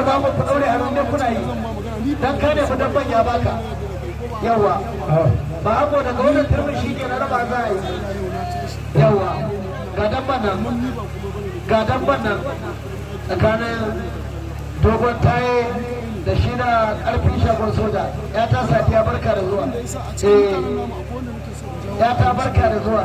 ku samu ku daure a runde kuna yi dan kada ya baka yawa ba hako daga wannan turmin shi ke na raba za a yi yawa ga ga dabban nan tsakanin dogon taye da shi da karfin shagon soja ya ta safiya barka da zuwa eh. ya ta barka da zuwa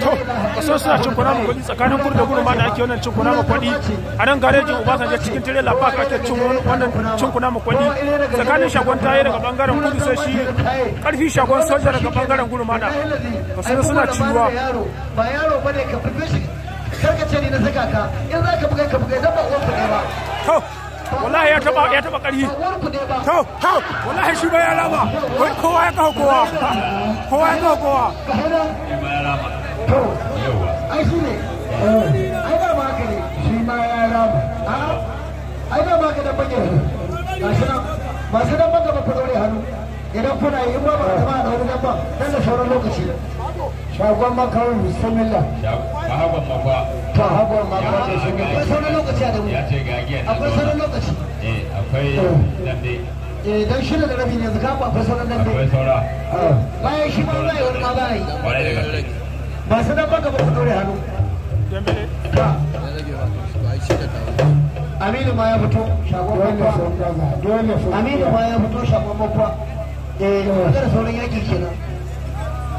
to kaso suna cin kunama kuɗi tsakanin kudu da ma da ake wannan cin kunama kuɗi a nan garejin obasanjo cikin tirela park ake cin wannan cin kunama kuɗi tsakanin shagon taye daga bangaren kudu sai shi karfi shagon soja daga bangaren kudu ma da kaso suna ciwa ba yaro bane ka furfe shi karkace ni na saka ka in za ka buga ka buga idan ba uwan ku ba to wallahi ya taba ya taba ƙarfi to to wallahi shi bai ya rama kowa ya kawo kowa kowa ya kawo kowa to ne eh. ya da nan masu baka ba hannu idan kuna yi ba ba ta ma da wani ba dan da sauran lokaci shagon makawar bismillah shagon makwa to hagon makwa da shi akwai sauran lokaci a da mu akwai sauran lokaci eh akwai eh. eh dan shida da rabi yanzu ka akwai sauran lalle akwai saura eh. bayan shi ba wani ma ba yi ba su nan baka ba su ɗore hannu aminu ma ya fito shagon bakwa aminu ma ya fito shagon bakwa eh magana sauran yaki kenan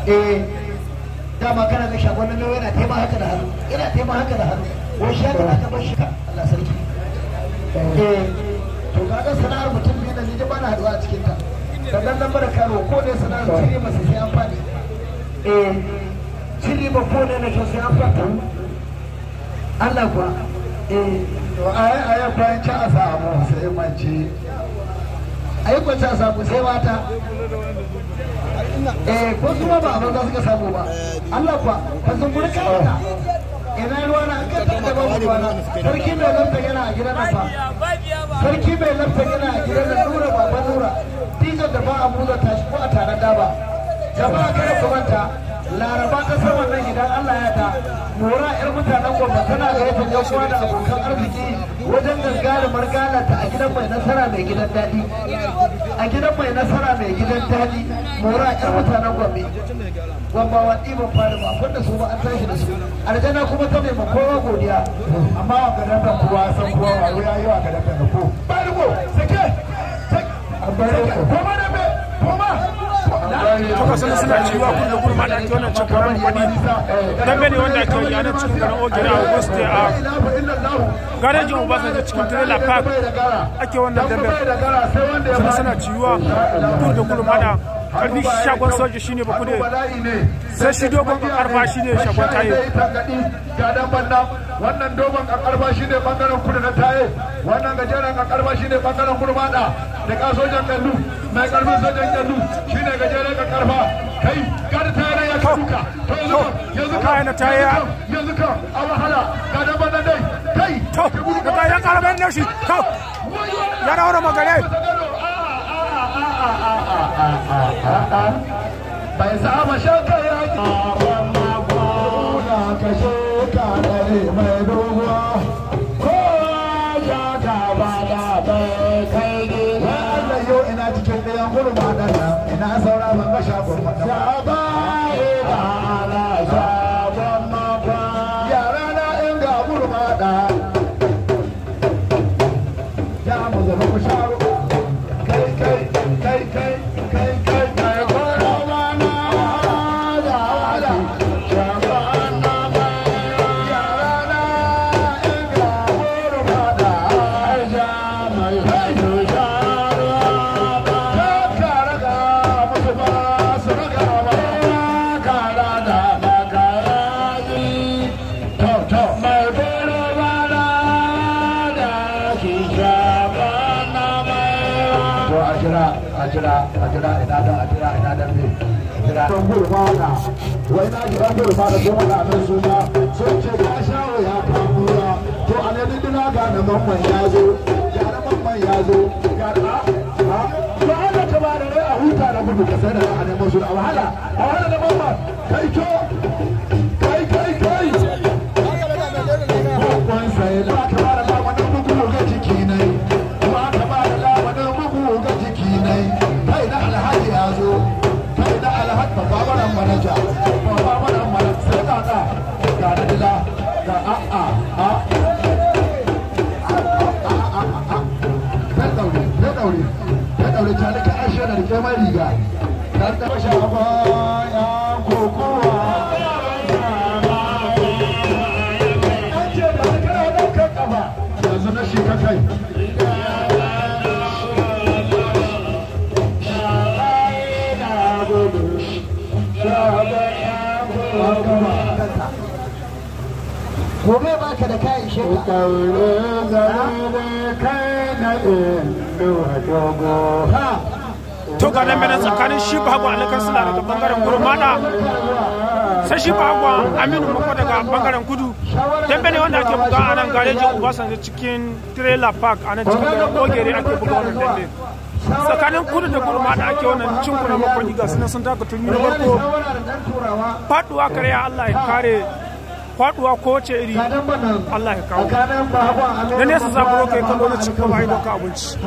eh dama kana ga shagon nan yana taima haka da hannu yana taima haka da hannu ko shi haka aka bar shi Allah sarki eh to kaga sana'ar mutum ne da ni ba na haɗuwa a cikin ta da dan nan bara karo ko ne sana'ar cire masa sai amfani. eh cili ba ne na Allah kuwa aya eh, aya ci a samu sai ayi eh ko kuma ba za samu Allah kuwa ka sun ta ina ruwa na ruwa na sarki mai lafta yana a gidan sarki mai lafta yana a gidan da nura nura da ba a buza tashi ko a tare jama'a kada ku idan Allah ya ta mora yar mutanen gwamna tana ga yafin yan uwa da abokan arziki wajen gangarumar ta a gidan mai nasara mai gidan daɗi a gidan mai nasara mai gidan daɗi mora yar mutanen gwamna gwamma wa ɗiban fari ba abinda su ba an tashi da su aljana kuma ta mai kowa godiya amma a gadan da kowa san kowa wa wuya yi wa gadan da ko ba ko sake ko takwas na suna cewa kudu kurma da ake wannan cakwaran kuɗi dambe ne wanda ake yi a cikin garin ogina a augusta a garejin obasanjo cikin trailer park ake wannan dambe suna suna ciwa kudu kurma da karfi shagon soja shine ba sai shi dogon karfa shine shagon taye wannan dogon karfa shine bangaren na taye wannan gajeren karfa shine bangaren mada da ka kallu mai karfin sojan kallu shine gajeren karfa kai ya to yanzu ka yanzu ka a wahala ga dan dai kai to da ta to yana wani bai samu shaka ya ki ka mai ba ya ina cikin ɗayan jira a jira a jira ina dan a jira ne jira don gudu wai na gudu wani abin sun ce sha ya to a ne ga na mamman ya zo na mamman ya zo ha to an da tabarai a huta da gudu ka sai da a neman a wahala a wahala da mamman kai daure ta daure ta nika ashe da rike mai riga dan da shafa kokowa yanzu shi ka kai Thank you. gobe ba ka da kayan sheka daure zare da kai na inuwa dogo ha to ga nan bane tsakanin shi bago alakar sula daga bangaren gurmada sai shi bago aminu mako daga bangaren kudu dan bane wanda ake buga a nan garejin ubasanjo cikin trailer park a nan cikin garin ogere ake buga wannan dande. tsakanin kudu da gurma da ake wannan cin kuna makon giga na sun taka tun yi na farko faduwa kare Allah ya kare faduwa ko wace iri Allah ya kawo da nesa za ku roƙe kallo na cikin kuma ido ka abinci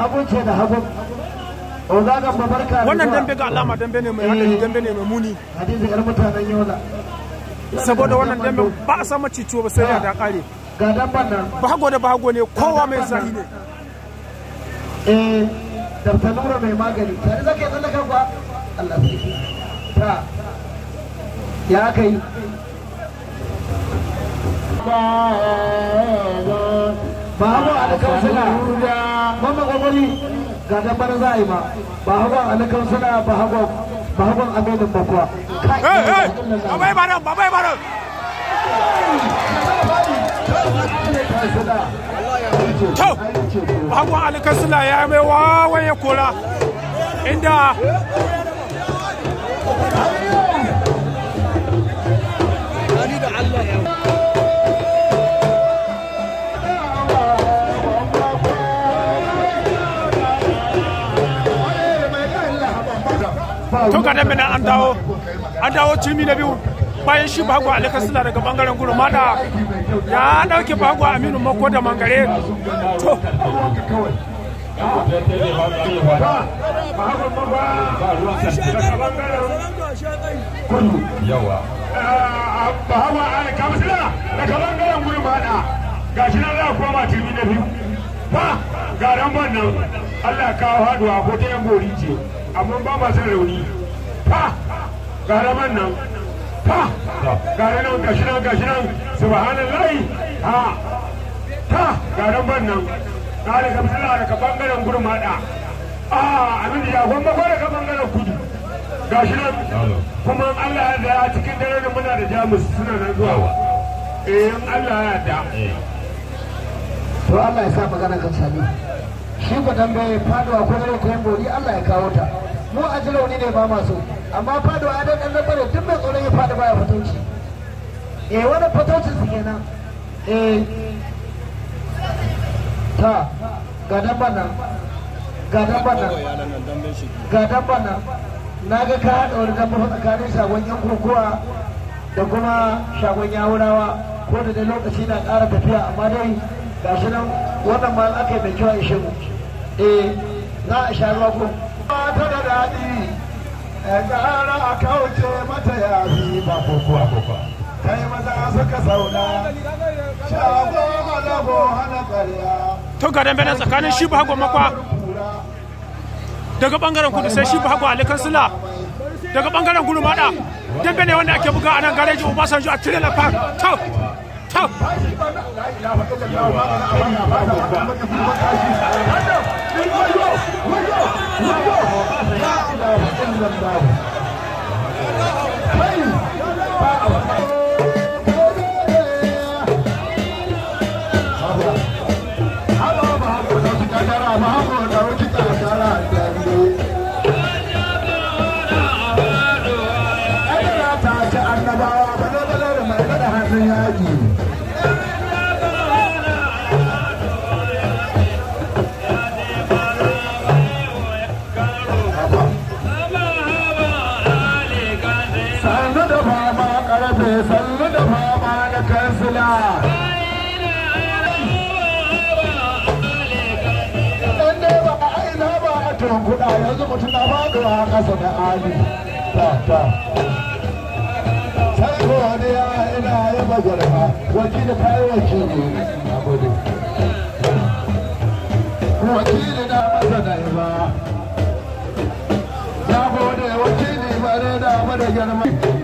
wannan dambe ga alama dambe ne mai hadari eh. dambe ne mai muni saboda wannan dambe ba a sama cicciwa ba sai ya da kare bahago da bahago ne kowa mai zahi ne eh, dabta nura mai magani tare yi tsallaka kuwa Allah ya kai ba hagu alakan suna mamma kwakwari ga dabbar za a yi ba ba hagu alakan suna ba hagu ba hagu aminin bakwa babai baran babai baran kyau hagu alakan suna ya mai wawaye kora inda Allah ya to ga dan an dawo an dawo cimi na biyu bayan shi bago alikasila daga bangaren gudu mada ya dauke bago aminu mako da mangare to yawa bahawa alkasila daga bangaren gudu mada ga shi nan za a koma cimi na biyu ba ga ran nan Allah kawo haduwa ko ta yan gori ce amma ba ma san rauni fa gara man nan fa gara nan gashi nan gashi nan subhanallah ha ta gara man nan gara ka fitila daga bangaren gurmada a amin ya ma ko daga bangaren kudu gashi nan kuma Allah ya da cikin dare da muna da jamus suna nan zuwa eh Allah ya da eh. to Allah ya sa magana kan sami shi ku tambaye faduwa ko zai ta bori Allah ya kawo ta mu a ji rauni ne ba masu amma faduwa ya dan dan bare duk mai tsoron ya fadi baya fatauci eh wani fatauci su kenan eh ta ga dan bana ga dan bana ga dan bana na ga ka hada wani dan bana tsakanin shagon yan kurkuwa da kuma shagon yawurawa ko da dai lokaci na ƙara tafiya amma dai gashi nan wannan ma aka yi mai kyau a ishe mu eh za a sha ruwa ko ta da daɗi eh, gara a kauce mata yafi ba kokowa kokowa kai maza suka sauna shago malabo hana ƙarya to ga dambe na tsakanin shi ba hagu makwa daga bangaren kudu sai shi ba hagu alikan sula daga bangaren gudu mada dambe ne wanda ake buga a nan gareji obasanjo a tirela park tau tau lúc đó họ ra đầu tinh lần đầu mutu na faɗo a ƙasa da ali ta ta sai ko ne ya ina ya bajarma wakili ta yi wakili a gudu na masa da Na gode wakili bare da mada girma